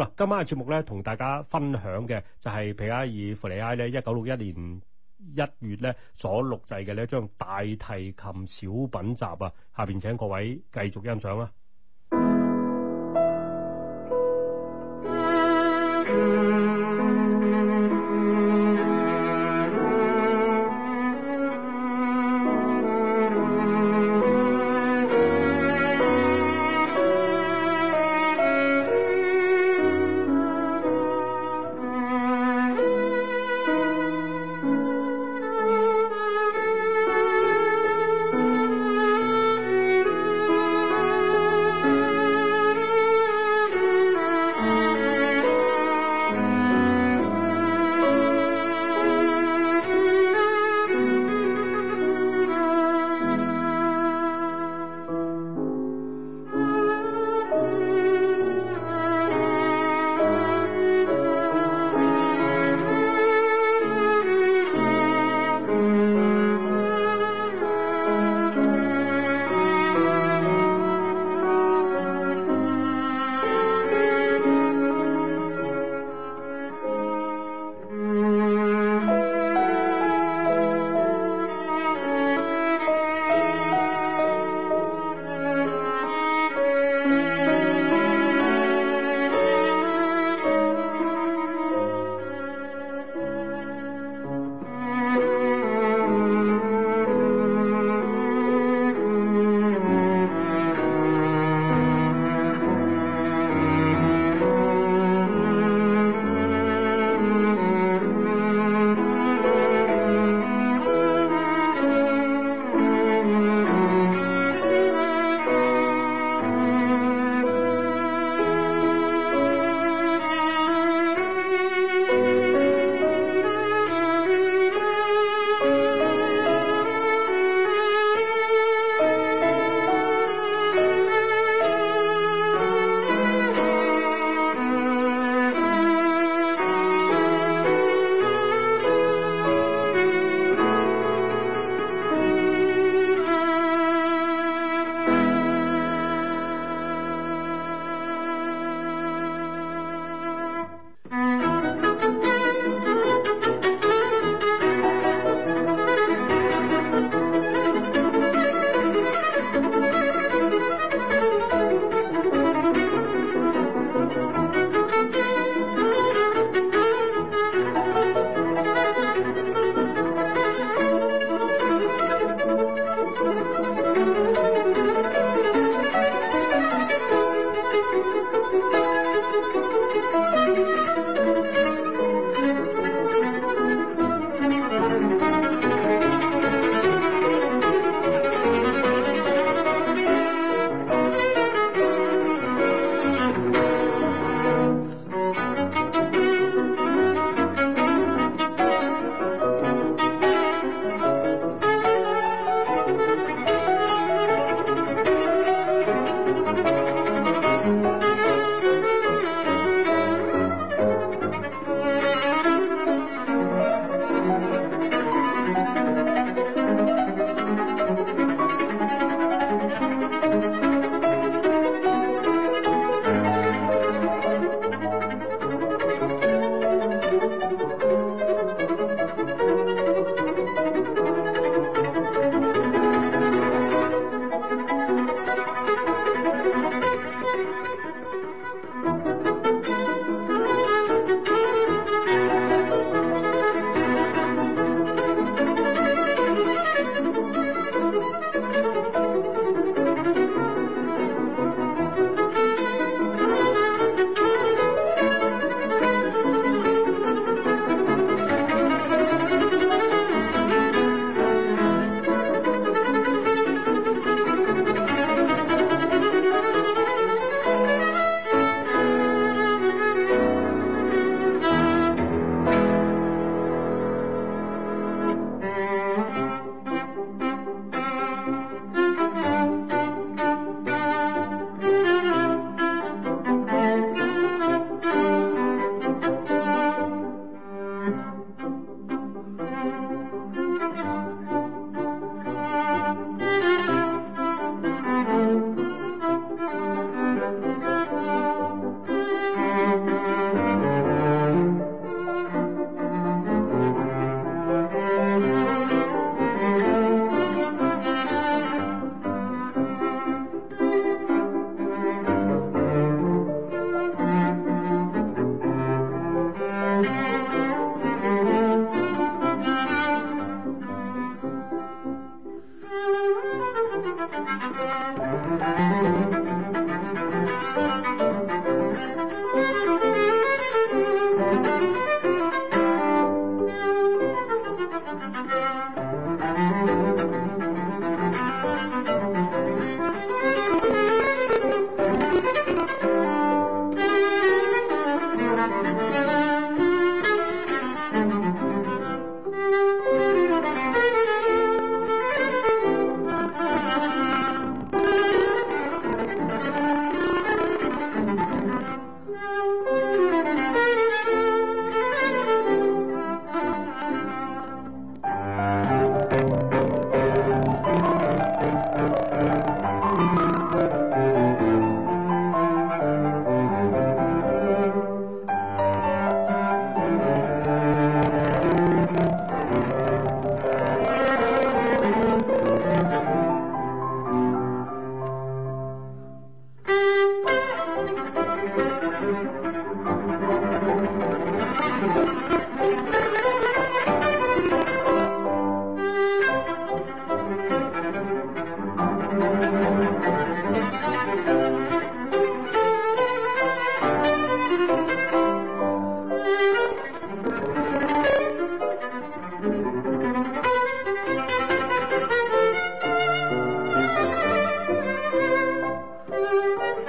嗱，今晚嘅節目咧，同大家分享嘅就係皮埃爾弗尼埃咧，一九六一年一月咧所錄製嘅呢一張大提琴小品集啊，下邊請各位繼續欣賞啦。